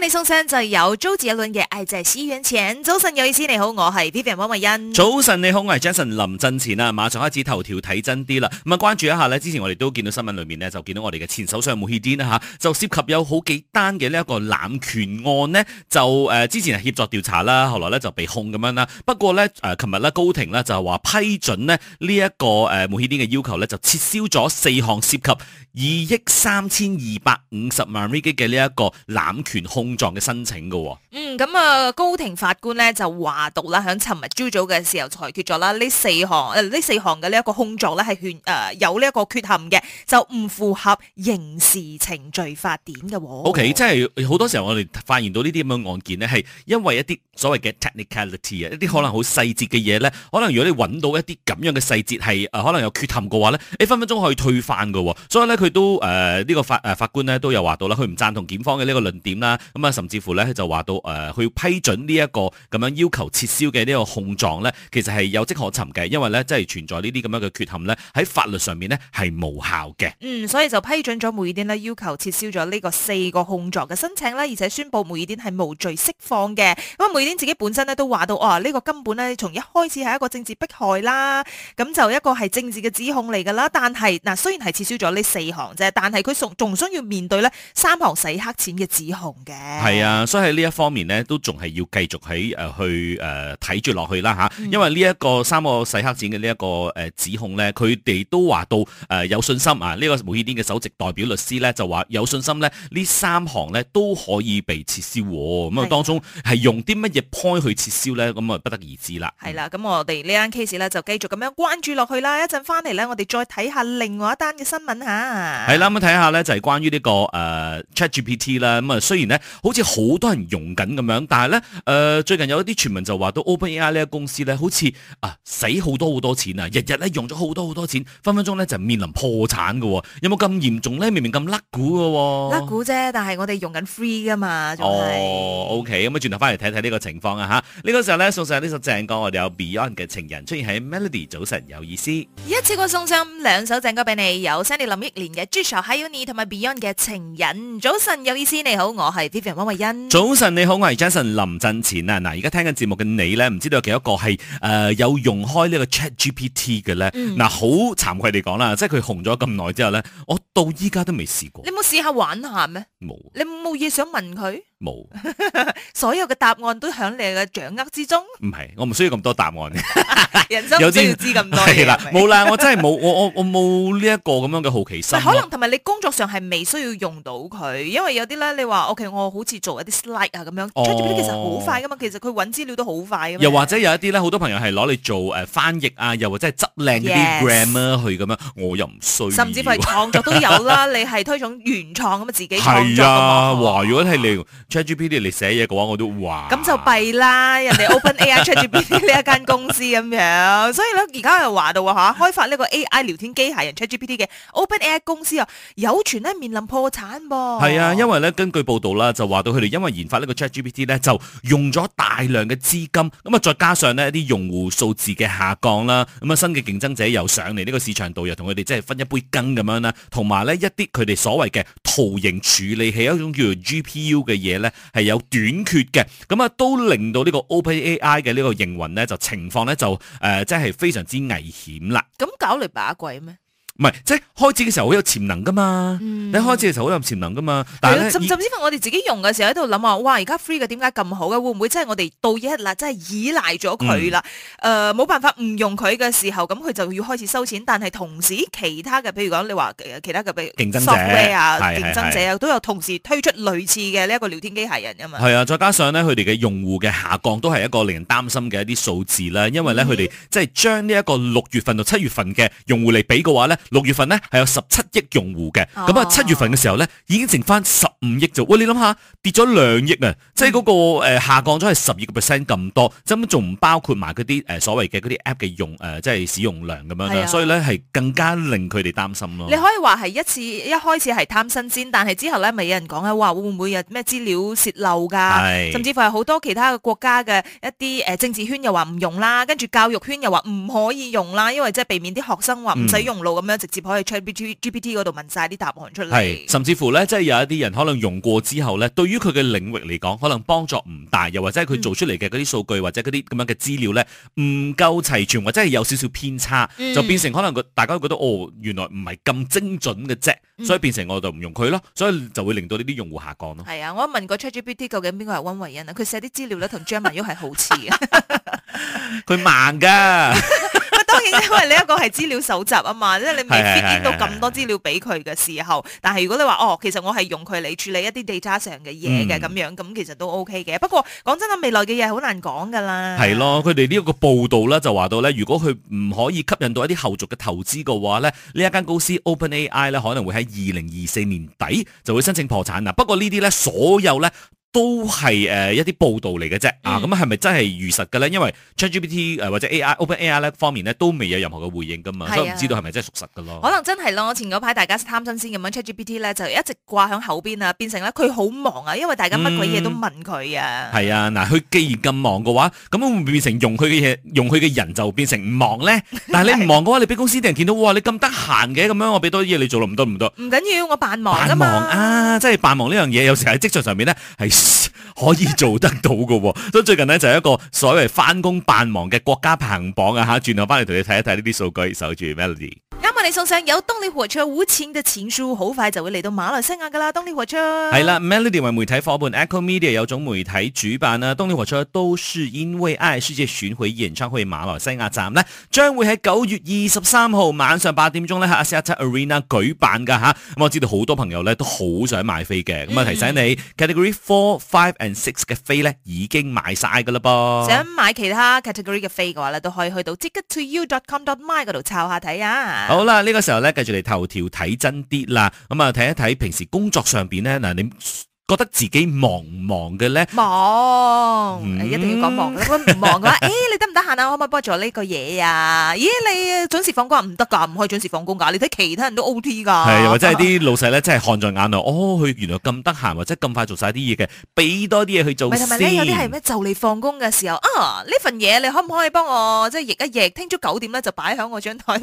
你松聲就由周子倫嘅就在四元錢。早晨有意思，你好，我係 B B M 韋恩。早晨你好，我係 Jason。臨陣前啊，馬上開始頭條睇真啲啦。咁啊，關注一下呢。之前我哋都見到新聞裏面呢，就見到我哋嘅前首相穆希丁啦吓，就涉及有好幾單嘅呢一個濫權案呢，就誒、呃，之前係協助調查啦，後來呢就被控咁樣啦。不過呢，誒、呃，琴日呢，高庭呢就話批准咧呢一個誒穆希丁嘅要求呢，就撤銷咗四項涉及二億三千二百五十萬瑞吉嘅呢一個濫權控。控狀嘅申請嘅，嗯，咁啊，高庭法官咧就話到啦，響尋日朝早嘅時候裁決咗啦，呢四項誒、呢、呃、四項嘅呢一個控狀咧係缺誒有呢一個缺陷嘅，就唔符合刑事程序法典嘅、哦。O、okay, K，即係好多時候我哋發現到呢啲咁嘅案件呢，係因為一啲所謂嘅 technicality 啊，一啲可能好細節嘅嘢咧，可能如果你揾到一啲咁樣嘅細節係誒、呃、可能有缺陷嘅話咧，你分分鐘可以退翻嘅、哦，所以咧佢都誒呢、呃這個法誒、呃、法官咧都有話到啦，佢唔贊同檢方嘅呢個論點啦。咁啊，甚至乎咧，佢就話到誒，去批准呢一個咁樣要求撤銷嘅呢個控狀咧，其實係有迹可尋嘅，因為咧，即係存在呢啲咁樣嘅缺陷咧，喺法律上面咧係無效嘅。嗯，所以就批准咗慕尤丁咧要求撤銷咗呢個四個控狀嘅申請咧，而且宣布慕尤丁係無罪釋放嘅。咁啊，慕尤丁自己本身咧都話到，哦，呢、呢個根本咧從一開始係一個政治迫害啦，咁就一個係政治嘅指控嚟噶啦。但係嗱、呃，雖然係撤銷咗呢四行啫，但係佢仲仲需要面對咧三行洗黑錢嘅指控嘅。係啊，所以喺呢一方面呢，都仲係要繼續喺誒去誒睇住落去啦吓、呃啊，因為呢一個三個洗黑錢嘅呢一個誒指控呢，佢哋都話到誒、呃、有信心啊！呢、這個吳綺千嘅首席代表律師呢，就話有信心呢，呢三行呢都可以被撤銷，咁啊，當中係用啲乜嘢 point 去撤銷呢？咁啊不得而知啦。係、嗯、啦，咁、啊、我哋呢單 case 呢，就繼續咁樣關注落去啦，一陣翻嚟呢，我哋再睇下另外一單嘅新聞吓。係啦、啊，咁睇下呢，就係、是、關於呢、這個誒 ChatGPT 啦，咁、呃、啊雖然呢。好似好多人用緊咁樣，但係咧，誒、呃、最近有一啲傳聞就話到 OpenAI 呢個公司咧，好似啊使好多好多錢啊，日日咧用咗好多好多錢，分分鐘咧就面臨破產嘅。有冇咁嚴重咧？明明咁甩股嘅，甩股啫，但係我哋用緊 free 嘅嘛，仲係。哦，OK，咁啊轉頭翻嚟睇睇呢個情況啊嚇。呢、這個時候咧送上呢首正歌，我哋有 Beyond 嘅情人出現喺 Melody。早晨有意思。一次過送上兩首正歌俾你，有 Sandy 林憶蓮嘅《至少還有你》同埋 Beyond 嘅《情人》早。早晨有意思，你好，我係溫慧欣，早晨你好，我係 Jason 林振前啊！嗱，而家聽緊節目嘅你咧，唔知道有幾多個係誒、呃、有用開呢個 Chat GPT 嘅咧？嗱、嗯，好慚、嗯、愧地講啦，即係佢紅咗咁耐之後咧，我到依家都未試過。你冇試下玩下咩？冇有。你冇嘢想問佢？冇，所有嘅答案都喺你嘅掌握之中。唔係，我唔需要咁多答案。人生唔需要知咁多啦，冇啦，我真係冇，我我我冇呢一個咁樣嘅好奇心。可能同埋你工作上係未需要用到佢，因為有啲咧，你話 OK，我好似做一啲 slide 啊咁樣，哦，其實好快噶嘛，其實佢搵資料都好快。又或者有一啲咧，好多朋友係攞嚟做誒翻譯啊，又或者係執靚啲 grammar 去咁樣，我又唔需要。甚至乎創作都有啦，你係推崇原創咁啊，自己創作啊係啊，話如果係你。ChatGPT 嚟寫嘢嘅話，我都話，咁就弊啦，人哋 OpenAI ChatGPT 呢一間公司咁樣，所以咧而家又話到吓，開發呢個 AI 聊天機械人 ChatGPT 嘅 OpenAI 公司啊，有傳咧面臨破產噃。係啊，因為咧根據報道啦，就話到佢哋因為研發呢個 ChatGPT 咧，D, 就用咗大量嘅資金，咁啊再加上咧啲用戶數字嘅下降啦，咁啊新嘅競爭者又上嚟呢個市場度，又同佢哋即係分一杯羹咁樣啦，同埋咧一啲佢哋所謂嘅。圖形處理器一種叫做 GPU 嘅嘢咧，係有短缺嘅，咁啊都令到呢個 OpenAI 嘅呢個營運咧就情況咧就誒，即、呃、係非常之危險啦。咁搞嚟把鬼咩？唔係，即係開始嘅時候好有潛能噶嘛，你開始嘅時候好有潛能噶嘛，但係甚甚至乎我哋自己用嘅時候喺度諗話，哇！而家 free 嘅點解咁好嘅？會唔會即係我哋到一嗱，即係依賴咗佢啦？誒，冇辦法唔用佢嘅時候，咁佢就要開始收錢。但係同時其他嘅，譬如講你話其他嘅譬如競爭者啊，競爭者啊，都有同時推出類似嘅呢一個聊天機械人噶嘛？係啊，再加上咧，佢哋嘅用戶嘅下降都係一個令人擔心嘅一啲數字啦。因為咧，佢哋即係將呢一個六月份到七月份嘅用戶嚟比嘅話咧。六月份咧係有十七億用戶嘅，咁啊、哦、七月份嘅時候咧已經剩翻十。五億就，喂，你諗下，跌咗兩億啊，即係嗰個誒下降咗係十二個 percent 咁多，咁仲唔包括埋嗰啲誒所謂嘅嗰啲 app 嘅用誒，即係使用量咁樣咧，所以咧係更加令佢哋擔心咯。你可以話係一次一開始係貪新鮮，但係之後咧咪有人講啊，話會唔會有咩資料泄漏噶，甚至乎係好多其他嘅國家嘅一啲誒政治圈又話唔用啦，跟住教育圈又話唔可以用啦，因為即係避免啲學生話唔使用腦咁樣，直接可以 check GPT 嗰度問晒啲答案出嚟，甚至乎咧即係有一啲人可能。可能用過之後咧，對於佢嘅領域嚟講，可能幫助唔大，又或者係佢做出嚟嘅嗰啲數據、嗯、或者嗰啲咁樣嘅資料咧，唔夠齊全或者係有少少偏差，嗯、就變成可能大家都覺得哦，原來唔係咁精準嘅啫，嗯、所以變成我就唔用佢咯，所以就會令到呢啲用戶下降咯。係啊，我問過 ChatGPT 究竟邊個係溫慧欣啊？佢寫啲資料咧同張文旭係好似啊，佢 盲噶的。 因為你一個係資料搜集啊嘛，即係 你未 fit 到咁多資料俾佢嘅時候， 但係如果你話哦，其實我係用佢嚟處理一啲 data 上嘅嘢嘅咁樣，咁其實都 OK 嘅。不過講真啦，未來嘅嘢好難講噶啦。係咯，佢哋呢一個報道咧就話到咧，如果佢唔可以吸引到一啲後續嘅投資嘅話咧，呢一間公司 OpenAI 咧可能會喺二零二四年底就會申請破產喇。不過呢啲咧所有咧。都係誒一啲報道嚟嘅啫，嗯、啊，咁係咪真係如實嘅咧？因為 Chat GPT 誒或者 AI Open AI 咧方面咧都未有任何嘅回應噶嘛，都唔、啊、知道係咪真係屬實噶咯？可能真係咯，我前嗰排大家貪新鮮咁樣 Chat GPT 咧就一直掛響後邊啊，變成咧佢好忙啊，因為大家乜鬼嘢都問佢、嗯、啊。係啊，嗱，佢既然咁忙嘅話，咁會唔會變成用佢嘅嘢，用佢嘅人就變成唔忙咧。但係你唔忙嘅話，是啊、你俾公司啲人見到，哇，你咁得閒嘅，咁樣我俾多啲嘢你做咯，唔多唔多。唔緊要，我扮忙啊，忙啊，即係扮忙呢樣嘢，有時喺職場上面咧係。 可以做得到嘅、啊，所以最近呢，就係一個所謂翻工扮忙嘅國家排行榜啊吓，轉頭翻嚟同你睇一睇呢啲數據，守住 Melody。送上有動力火車無情嘅情書，好快就會嚟到馬來西亞噶啦！動力火車係啦，Melody 為媒體夥伴 Eco Media 有種媒體主辦啦。動力火車都是因為愛世界巡迴演唱會馬來西亞站呢，將會喺九月二十三號晚上八點鐘呢喺阿塞亞特 Arena 舉辦噶吓。咁我知道好多朋友咧都好想買飛嘅，咁啊提醒你，Category Four、Five and Six 嘅飛呢已經買晒噶啦噃。想買其他 Category 嘅飛嘅話呢，都可以去到 ticket2u.com.my 度抄下睇啊。好啦。呢個時候咧，繼續嚟，頭條睇真啲啦。咁啊，睇一睇平時工作上邊咧，嗱你。覺得自己忙唔忙嘅咧？忙，嗯、一定要講忙。如果唔忙嘅話，誒、 哎，你得唔得閒啊？可唔可以幫我做呢個嘢啊？咦、哎，你準時放工唔得噶，唔可以準時放工噶。你睇其他人都 O T 噶，係或者係啲老細咧， 真係看在眼內。哦，佢原來咁得閒，或者咁快做晒啲嘢嘅，俾多啲嘢去做。咪同有啲係咩？就你放工嘅時候，啊，呢份嘢你可唔可以幫我？即係譯一譯，聽早九點咧就擺喺我張台。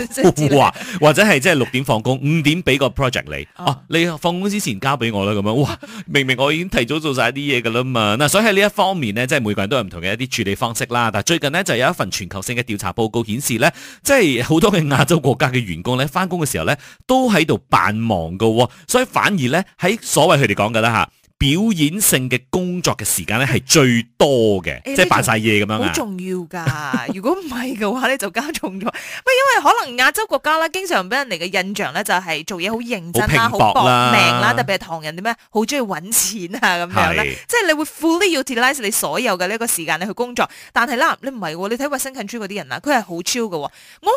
哇！ 或者係即係六點放工，五點俾個 project 你。哦、啊啊啊，你放工之前交俾我啦，咁樣哇，明明。我已經提早做晒啲嘢噶啦嘛，嗱，所以喺呢一方面咧，即係每個人都有唔同嘅一啲處理方式啦。但最近咧就有一份全球性嘅調查報告顯示咧，即係好多嘅亞洲國家嘅員工咧，翻工嘅時候咧都喺度扮忙噶、哦，所以反而咧喺所謂佢哋講嘅啦吓。表演性嘅工作嘅時間咧係最多嘅，欸、即係扮晒嘢咁樣好，欸、重要噶， 如果唔係嘅話咧就加重咗。唔因為可能亞洲國家啦，經常俾人哋嘅印象咧就係做嘢好認真啦，好搏命啦，特別係唐人點咩，好中意搵錢啊咁樣咧。是即係你會 fully utilize 你所有嘅呢個時間你去工作，但係啦你唔係喎，你睇 Western country 嗰啲人啊，佢係好 chill 嘅㗎我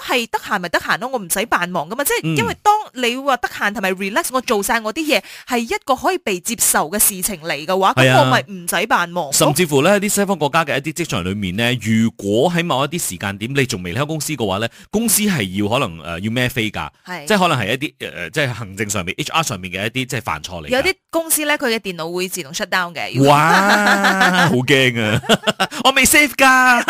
係得閒咪得閒咯，我唔使扮忙噶嘛。即係因為當你話得閒同埋 relax，我做晒我啲嘢係一個可以被接受嘅。事情嚟嘅話，咁我咪唔使扮忙。甚至乎咧，啲西方國家嘅一啲職場裏面咧，如果喺某一啲時間點你仲未離開公司嘅話咧，公司係要可能誒要孭飛㗎？係，即係可能係一啲誒即係行政上面、HR 上面嘅一啲即係犯錯嚟嘅。有啲公司咧，佢嘅電腦會自動 shutdown 嘅。哇，好驚啊！我未 save 㗎。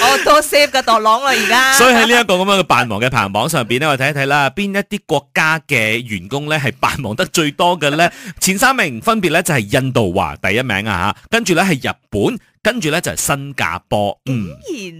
我多 save 個度郎啦，而家。 哦、 所以喺呢 一個咁樣嘅繁忙嘅排行榜上邊咧，我睇一睇啦，邊一啲國家嘅員工咧係繁忙得最多嘅咧？前三名分別咧就係印度話第一名啊吓，跟住咧係日本。跟住呢，就係新加坡，啊、嗯，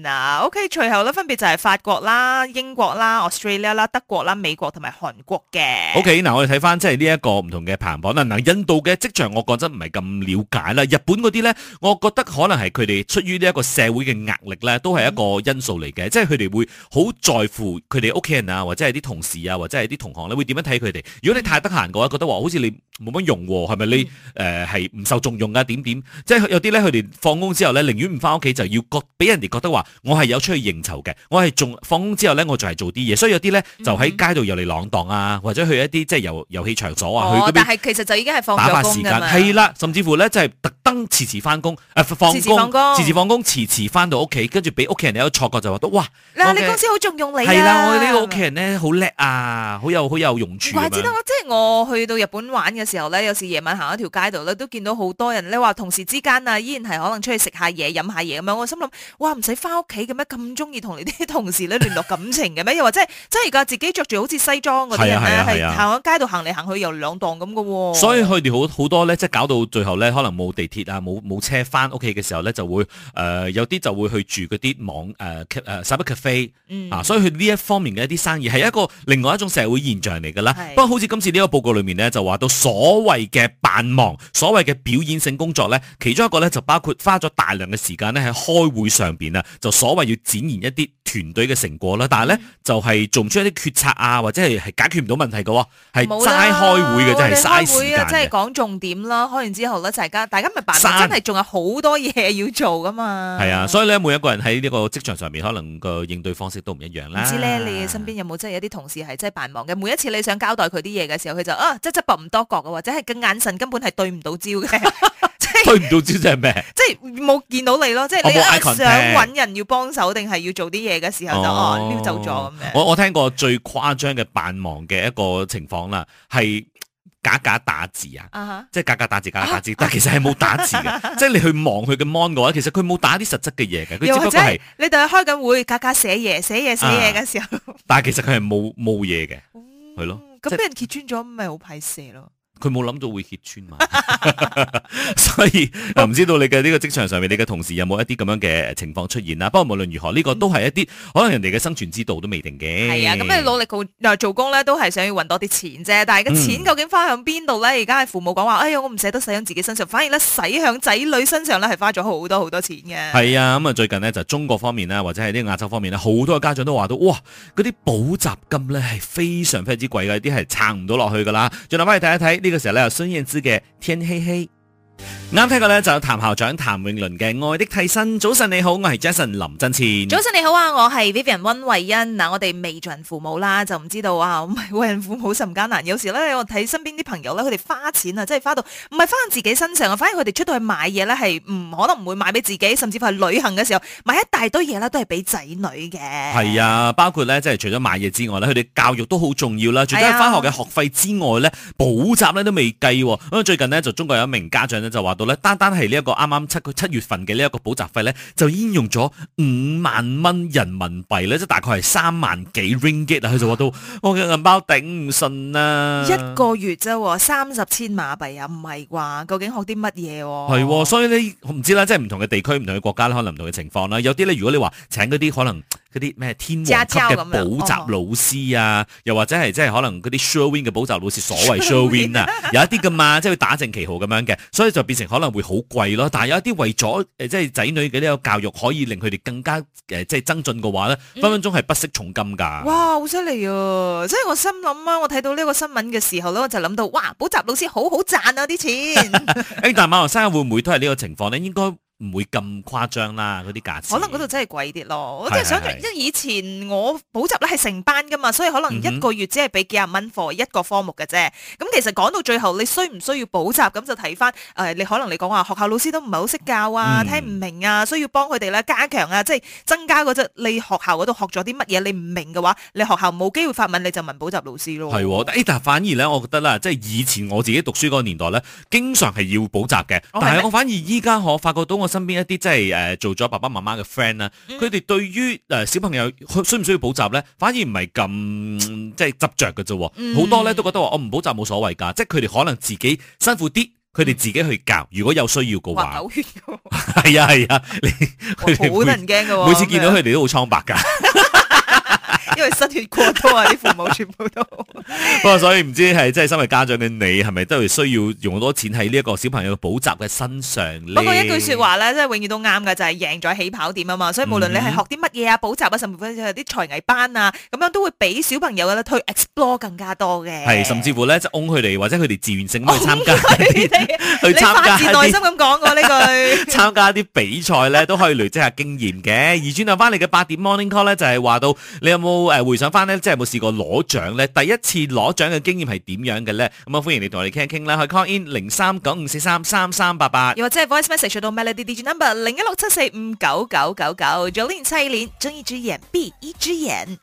然啊，OK，隨後咧分別就係法國啦、英國啦、Australia 啦、德國啦、美國同埋韓國嘅。OK，嗱、呃，我哋睇翻即係呢一個唔同嘅排行榜啦。嗱、呃，印度嘅職場，我覺得唔係咁了解啦。日本嗰啲呢，我覺得可能係佢哋出於呢一個社會嘅壓力呢，都係一個因素嚟嘅。嗯、即係佢哋會好在乎佢哋屋企人啊，或者係啲同事啊，或者係啲同行咧，會點樣睇佢哋？如果你太得閒嘅話，覺得話好似你。冇乜用喎，啊，係咪你誒係唔受重用啊？點點即係有啲咧，佢哋放工之後咧，寧願唔翻屋企，就要覺俾人哋覺得話，我係有出去應酬嘅，我係仲放工之後咧，我仲係做啲嘢。所以有啲咧就喺街度遊嚟浪蕩啊，或者去一啲即係遊遊戲場所啊。哦、去那，但係其實就已經係放咗工，打發時間係啦。甚至乎咧，即係特登遲遲翻工、呃，放工，遲遲放工，遲遲放工，遲遲翻到屋企，跟住俾屋企人哋有錯覺就，就話哇。啊、okay 你公司好重用你係啦。我哋呢個屋企人咧好叻啊，好有好有用處。唔怪之得我，即係我去到日本玩嘅。時候咧，有時夜晚行一條街度咧，都見到好多人。你話同事之間啊，依然係可能出去食下嘢，飲下嘢咁樣。我心諗，哇，唔使翻屋企嘅咩？咁中意同你啲同事咧聯絡感情嘅咩？又或者，真係而家自己着住好似西裝嗰啲人，啊啊啊啊，係行街度行嚟行去又兩檔咁嘅。啊、所以佢哋好好多咧，即係搞到最後咧，可能冇地鐵啊，冇冇車翻屋企嘅時候咧，就會誒、呃，有啲就會去住嗰啲網誒誒、啊啊啊啊啊啊啊、s a cafe，啊、所以佢呢一方面嘅一啲生意係一個另外一種社會現象嚟噶啦。的不過好似今次呢個報告裏面咧，就話到所謂嘅扮忙，所謂嘅表演性工作咧，其中一個咧就包括花咗大量嘅時間咧喺開會上邊啊，就所謂要展現一啲團隊嘅成果啦。但係咧就係、係、做唔出一啲決策啊，或者係解決唔到問題嘅，係齋開會嘅，真係嘥時間嘅。開會啊，即係講重點咯，開完之後咧，大家大家咪扮，刪真係仲有好多嘢要做噶嘛。係啊，所以咧，每一個人喺呢個職場上面，可能個應對方式都唔一樣啦。唔知咧，你身邊有冇即係一啲同事係即係扮忙嘅？每一次你想交代佢啲嘢嘅時候，佢就啊，即即搏唔多角。或者係個眼神根本係對唔到焦嘅。即係對唔到焦即係咩？即係冇見到你咯，即係你啱想揾人要幫手定係要做啲嘢嘅時候就哦溜走咗咁樣。我我聽過最誇張嘅扮忙嘅一個情況啦，係假假打字啊，即係假假打字假假打字，但係其實係冇打字嘅，即係你去望佢嘅 mon 嘅話，其實佢冇打啲實質嘅嘢嘅，佢只不過係你哋開緊會假假寫嘢寫嘢寫嘢嘅時候，但係其實佢係冇冇嘢嘅，係咯。咁俾人揭穿咗，咪好弊死咯～佢冇諗到會揭穿嘛， 所以又唔知道你嘅呢個職場上面，你嘅同事有冇一啲咁樣嘅情況出現啦？不過無論如何，呢、呢個都係一啲、嗯、可能人哋嘅生存之道都未定嘅。係啊，咁你努力做，做工咧，都係想要搵多啲錢啫。但係個錢究竟花向邊度咧？而家係父母講話，哎呀，我唔捨得使響自己身上，反而咧使向仔女身上咧，係花咗好多好多錢嘅。係啊，咁、嗯、啊最近呢，就是、中國方面啦，或者係啲亞洲方面咧，好多家長都話到，哇，嗰啲補習金咧係非常非常之貴嘅，啲係撐唔到落去噶啦。轉頭翻去睇一睇。呢個時候咧，有孫燕姿嘅《天黑黑》。啱聽過咧，就有譚校長譚詠麟嘅愛的替身。早晨你好，我係 Jason 林振千。早晨你好啊，我係 Vivian 溫慧欣。嗱，我哋未做人父母啦，就唔知道啊，唔係為人父母甚唔艱難。有時咧，我睇身邊啲朋友咧，佢哋花錢啊，即係花到唔係花喺自己身上啊，反而佢哋出到去買嘢咧係唔可能唔會買俾自己，甚至乎去旅行嘅時候買一大堆嘢啦，都係俾仔女嘅。係啊，包括咧即係除咗買嘢之外咧，佢哋教育都好重要啦。除咗翻學嘅學費之外咧，補習咧都未計。咁最近呢，就中國有一名家長。就話到咧，單單係呢一個啱啱七七月份嘅呢一個補習費咧，就已經用咗五萬蚊人民幣咧，即係大概係三萬幾 ringgit 啊！佢就話到，我嘅銀包頂唔順啊！一個月啫，哦，三十千馬幣啊，唔係啩？究竟學啲乜嘢？係喎，哦，所以咧，我唔知啦，即係唔同嘅地區、唔同嘅國家可能唔同嘅情況啦。有啲咧，如果你話請嗰啲可能。啲咩天王級嘅補習老師啊，哦、又或者係即係可能嗰啲 show win 嘅補習老師，所謂 show win 啊， 有一啲噶嘛，即、就、係、是、打正旗號咁樣嘅，所以就變成可能會好貴咯。但係有一啲為咗誒、呃，即係仔女嘅呢個教育可以令佢哋更加誒、呃，即係增進嘅話咧，分分鐘係不惜重金噶。哇，好犀利啊！所以我心諗啊，我睇到呢個新聞嘅時候咧，我就諗到哇，補習老師好好賺啊啲錢。誒 但係馬來西亞會唔會都係呢個情況咧？應該。唔會咁誇張啦，嗰啲價錢可能嗰度真係貴啲咯。我真係想住，因為以前我補習咧係成班噶嘛，所以可能一個月只係俾幾廿蚊課一個科目嘅啫。咁、嗯、哼其實講到最後，你需唔需要補習咁就睇翻誒，你可能你講話學校老師都唔係好識教啊，聽唔、嗯、明啊，需要幫佢哋咧加強啊，即、就、係、是、增加嗰隻你學校嗰度學咗啲乜嘢你唔明嘅話，你學校冇機會發問，你就問補習老師咯。係、哦、但反而咧，我覺得啦，即係以前我自己讀書嗰個年代咧，經常係要補習嘅。哦、但係我反而依家我發覺到我身邊一啲即係誒做咗爸爸媽媽嘅 friend 啦，佢哋、嗯、對於誒、呃、小朋友需唔需要補習咧，反而唔係咁即係執著嘅啫。好、嗯、多咧都覺得話我唔補習冇所謂㗎，即係佢哋可能自己辛苦啲，佢哋自己去教。如果有需要嘅話，係 啊係啊，你佢哋好得人驚嘅。每，啊、每次見到佢哋都好蒼白㗎。 因為失血過多啊，啲父母全部都。不過，所以唔知係真係身為家長嘅你，係咪都係需要用好多錢喺呢一個小朋友補習嘅身上咧？不過一句說話咧，真係永遠都啱㗎就係贏咗起跑點啊嘛！所以無論你係學啲乜嘢啊，補習啊，甚至乎有啲才藝班啊，咁樣都會俾小朋友咧去 explore 更加多嘅。係，甚至乎咧就按佢哋或者佢哋自願性去參加。你發自內心咁講過呢句。參加一啲比賽咧都可以累積下經驗嘅。而轉頭翻嚟嘅八點 morning call 咧就係話到，你有冇？誒回想翻咧，即係有冇試過攞獎咧？第一次攞獎嘅經驗係點樣嘅咧？咁、嗯、啊，歡迎你同我哋傾一傾啦。去 call in 零三九五四三三三八八，又或者係 voice message 去到 melody digit number 零一六七四五九九九九。Jolin 蔡依林，睜一隻眼，閉一隻